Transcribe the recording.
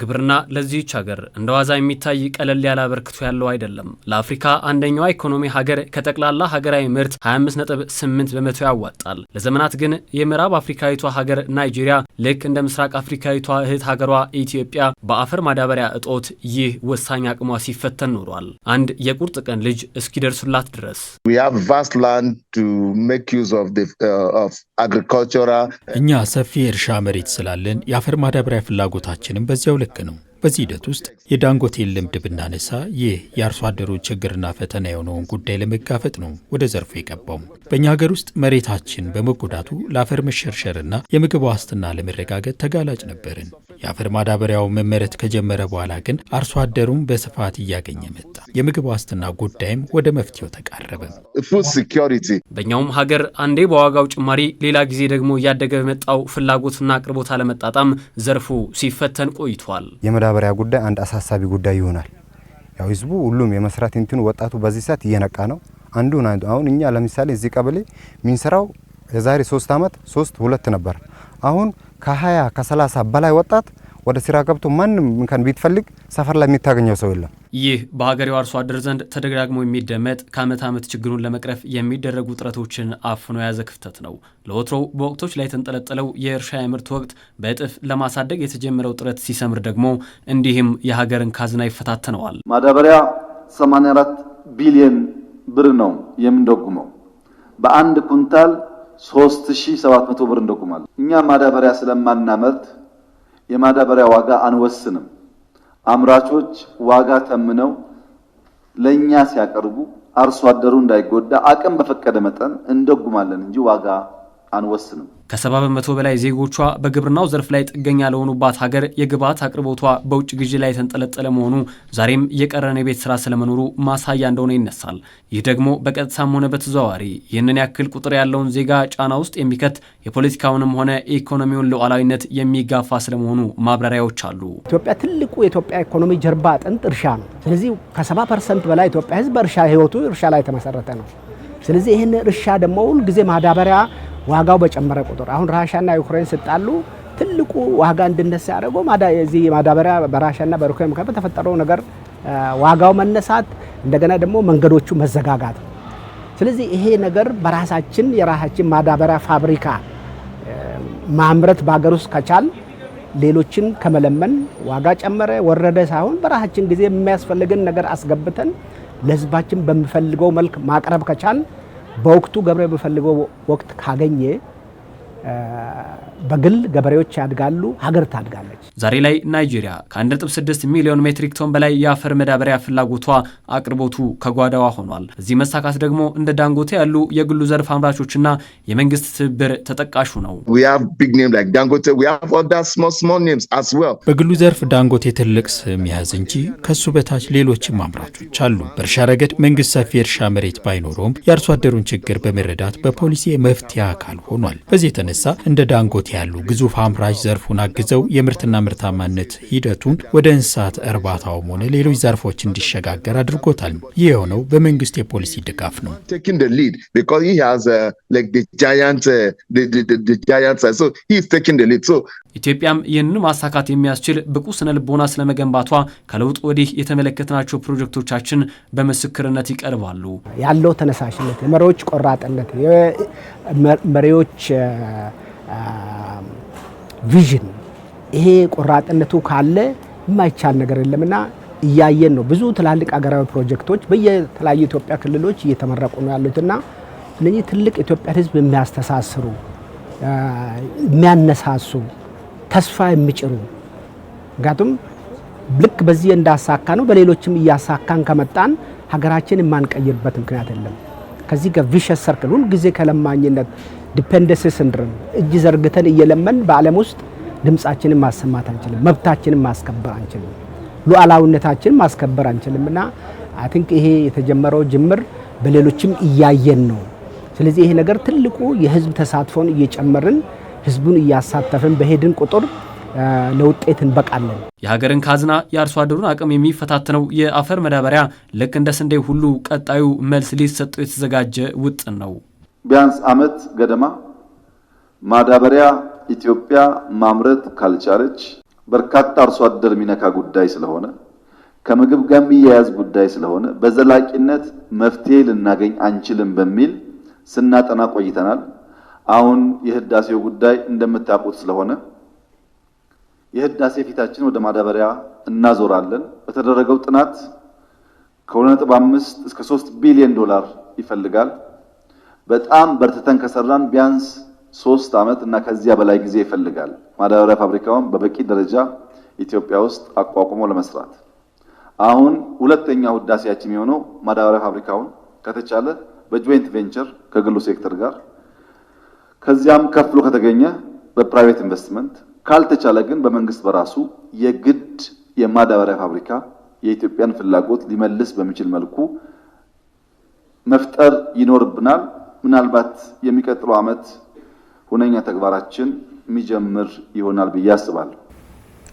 ግብርና ለዚህች ሀገር እንደ ዋዛ የሚታይ ቀለል ያለ አበርክቶ ያለው አይደለም። ለአፍሪካ አንደኛዋ ኢኮኖሚ ሀገር ከጠቅላላ ሀገራዊ ምርት 25.8 በመቶ ያዋጣል። ለዘመናት ግን የምዕራብ አፍሪካዊቷ ሀገር ናይጄሪያ ልክ እንደ ምስራቅ አፍሪካዊቷ እህት ሀገሯ ኢትዮጵያ በአፈር ማዳበሪያ እጦት ይህ ወሳኝ አቅሟ ሲፈተን ኖሯል። አንድ የቁርጥ ቀን ልጅ እስኪደርሱላት ድረስ uh, እኛ ሰፊ የእርሻ መሬት ስላለን የአፈር ማዳበሪያ ፍላጎታችንም በዚያው ልክ ነው። በዚህ ሂደት ውስጥ የዳንጎቴን ልምድ ብናነሳ ይህ የአርሶ አደሩ ችግርና ፈተና የሆነውን ጉዳይ ለመጋፈጥ ነው ወደ ዘርፉ የገባው። በእኛ ሀገር ውስጥ መሬታችን በመጎዳቱ ለአፈር መሸርሸርና የምግብ ዋስትና ለመረጋገጥ ተጋላጭ ነበርን። የአፈር ማዳበሪያው መመረት ከጀመረ በኋላ ግን አርሶ አደሩም በስፋት እያገኘ መጣ። የምግብ ዋስትና ጉዳይም ወደ መፍትሄው ተቃረበ። በእኛውም ሀገር አንዴ በዋጋው ጭማሪ፣ ሌላ ጊዜ ደግሞ እያደገ በመጣው ፍላጎትና አቅርቦት አለመጣጣም ዘርፉ ሲፈተን ቆይቷል። የማዳበሪያ ጉዳይ አንድ አሳሳቢ ጉዳይ ይሆናል። ያው ህዝቡ ሁሉም የመስራት እንትኑ ወጣቱ በዚህ ሰዓት እየነቃ ነው። አንዱ አሁን እኛ ለምሳሌ እዚህ ቀበሌ ሚንሰራው የዛሬ ሶስት አመት ሶስት ሁለት ነበር አሁን ከ20 ከ30 በላይ ወጣት ወደ ስራ ገብቶ ማንም እንከን ቢትፈልግ ሰፈር ላይ የሚታገኘው ሰው የለም። ይህ በሀገሬው አርሶ አደር ዘንድ ተደጋግሞ የሚደመጥ ከዓመት ዓመት ችግሩን ለመቅረፍ የሚደረጉ ጥረቶችን አፍኖ የያዘ ክፍተት ነው። ለወትሮው በወቅቶች ላይ የተንጠለጠለው የእርሻ የምርት ወቅት በእጥፍ ለማሳደግ የተጀመረው ጥረት ሲሰምር ደግሞ እንዲህም የሀገርን ካዝና ይፈታተነዋል። ማዳበሪያ 84 ቢሊየን ብር ነው የምንደጉመው በአንድ ኩንታል 3700 ብር እንደቁማል። እኛ ማዳበሪያ ስለማናመርት የማዳበሪያ ዋጋ አንወስንም። አምራቾች ዋጋ ተምነው ለኛ ሲያቀርቡ አርሶ አደሩ እንዳይጎዳ አቅም በፈቀደ መጠን እንደጉማለን እንጂ ዋጋ አንወስንም። ከሰባ በመቶ በላይ ዜጎቿ በግብርናው ዘርፍ ላይ ጥገኛ ለሆኑባት ሀገር የግብዓት አቅርቦቷ በውጭ ግዢ ላይ የተንጠለጠለ መሆኑ ዛሬም የቀረን የቤት ስራ ስለመኖሩ ማሳያ እንደሆነ ይነሳል። ይህ ደግሞ በቀጥታም ሆነ በተዘዋዋሪ ይህንን ያክል ቁጥር ያለውን ዜጋ ጫና ውስጥ የሚከት የፖለቲካውንም ሆነ የኢኮኖሚውን ሉዓላዊነት የሚጋፋ ስለመሆኑ ማብራሪያዎች አሉ። ኢትዮጵያ ትልቁ የኢትዮጵያ ኢኮኖሚ ጀርባ አጥንት እርሻ ነው። ስለዚህ ከሰባ ፐርሰንት በላይ ኢትዮጵያ ህዝብ በእርሻ ህይወቱ እርሻ ላይ የተመሰረተ ነው። ስለዚህ ይህን እርሻ ደግሞ ሁልጊዜ ማዳበሪያ ዋጋው በጨመረ ቁጥር አሁን ራሻና ዩክሬን ስጣሉ ትልቁ ዋጋ እንድነሳ ያደረገው እዚህ ማዳበሪያ በራሻና በዩክሬን መካከል በተፈጠረው ነገር ዋጋው መነሳት፣ እንደገና ደግሞ መንገዶቹ መዘጋጋት። ስለዚህ ይሄ ነገር በራሳችን የራሳችን ማዳበሪያ ፋብሪካ ማምረት በሀገር ውስጥ ከቻል ሌሎችን ከመለመን ዋጋ ጨመረ ወረደ ሳይሆን በራሳችን ጊዜ የሚያስፈልግን ነገር አስገብተን ለህዝባችን በምፈልገው መልክ ማቅረብ ከቻል በወቅቱ ገብረ በፈልገው ወቅት ካገኘ በግል ገበሬዎች ያድጋሉ፣ ሀገር ታድጋለች። ዛሬ ላይ ናይጄሪያ ከ1.6 ሚሊዮን ሜትሪክ ቶን በላይ የአፈር መዳበሪያ ፍላጎቷ አቅርቦቱ ከጓዳዋ ሆኗል። እዚህ መሳካት ደግሞ እንደ ዳንጎቴ ያሉ የግሉ ዘርፍ አምራቾችና የመንግስት ትብብር ተጠቃሹ ነው። በግሉ ዘርፍ ዳንጎቴ ትልቅ ስም ያዝ እንጂ ከሱ በታች ሌሎችም አምራቾች አሉ። በእርሻ ረገድ መንግስት ሰፊ የእርሻ መሬት ባይኖረውም የአርሶ አደሩን ችግር በመረዳት በፖሊሲ የመፍትሄ አካል ሆኗል። በዚህ የተነሳ እንደ ዳንጎት ያሉ ግዙፍ አምራች ዘርፉን አግዘው የምርትና ምርታማነት ሂደቱን ወደ እንስሳት እርባታውም ሆነ ሌሎች ዘርፎች እንዲሸጋገር አድርጎታል። ይህ የሆነው በመንግስት የፖሊሲ ድጋፍ ነው። ኢትዮጵያም ይህንን ማሳካት የሚያስችል ብቁ ስነ ልቦና ስለመገንባቷ ከለውጥ ወዲህ የተመለከትናቸው ፕሮጀክቶቻችን በምስክርነት ይቀርባሉ። ያለው ተነሳሽነት፣ የመሪዎች ቆራጥነት፣ መሪዎች ቪዥን ይሄ ቆራጥነቱ ካለ የማይቻል ነገር የለምና እያየን ነው። ብዙ ትላልቅ ሀገራዊ ፕሮጀክቶች በየተለያዩ ኢትዮጵያ ክልሎች እየተመረቁ ነው ያሉትና እነዚህ ትልቅ ኢትዮጵያን ሕዝብ የሚያስተሳስሩ የሚያነሳሱ ተስፋ የሚጭሩ ምክንያቱም ልክ በዚህ እንዳሳካ ነው በሌሎችም እያሳካን ከመጣን ሀገራችን የማንቀይርበት ምክንያት የለም። ከዚህ ጋር ቪሸስ ሰርክል ሁልጊዜ ከለማኝነት ዲፔንደንሲ ሲንድሮም እጅ ዘርግተን እየለመን በዓለም ውስጥ ድምፃችንን ማሰማት አንችልም፣ መብታችንን ማስከበር አንችልም፣ ሉዓላዊነታችንን ማስከበር አንችልም። እና አይ ቲንክ ይሄ የተጀመረው ጅምር በሌሎችም እያየን ነው። ስለዚህ ይሄ ነገር ትልቁ የህዝብ ተሳትፎን እየጨመርን ህዝቡን እያሳተፍን በሄድን ቁጥር ለውጤት እንበቃለን። የሀገርን ካዝና የአርሶ አደሩን አቅም የሚፈታትነው የአፈር መዳበሪያ ልክ እንደ ስንዴ ሁሉ ቀጣዩ መልስ ሊሰጠው የተዘጋጀ ውጥን ነው። ቢያንስ ዓመት ገደማ ማዳበሪያ ኢትዮጵያ ማምረት ካልቻለች በርካታ አርሶ አደር የሚነካ ጉዳይ ስለሆነ ከምግብ ጋር የሚያያዝ ጉዳይ ስለሆነ በዘላቂነት መፍትሄ ልናገኝ አንችልም በሚል ስናጠና ቆይተናል። አሁን የህዳሴው ጉዳይ እንደምታውቁት ስለሆነ የህዳሴ ፊታችን ወደ ማዳበሪያ እናዞራለን። በተደረገው ጥናት ከ2.5 እስከ 3 ቢሊዮን ዶላር ይፈልጋል። በጣም በርትተን ከሰራን ቢያንስ ሶስት ዓመት እና ከዚያ በላይ ጊዜ ይፈልጋል። ማዳበሪያ ፋብሪካውን በበቂ ደረጃ ኢትዮጵያ ውስጥ አቋቁሞ ለመስራት አሁን ሁለተኛ ውዳሴያችን የሆነው ማዳበሪያ ፋብሪካውን ከተቻለ በጆይንት ቬንቸር ከግሉ ሴክተር ጋር ከዚያም ከፍሎ ከተገኘ በፕራይቬት ኢንቨስትመንት ካልተቻለ ግን በመንግስት በራሱ የግድ የማዳበሪያ ፋብሪካ የኢትዮጵያን ፍላጎት ሊመልስ በሚችል መልኩ መፍጠር ይኖርብናል። ምናልባት የሚቀጥለው ዓመት ሁነኛ ተግባራችን የሚጀምር ይሆናል ብዬ አስባለሁ።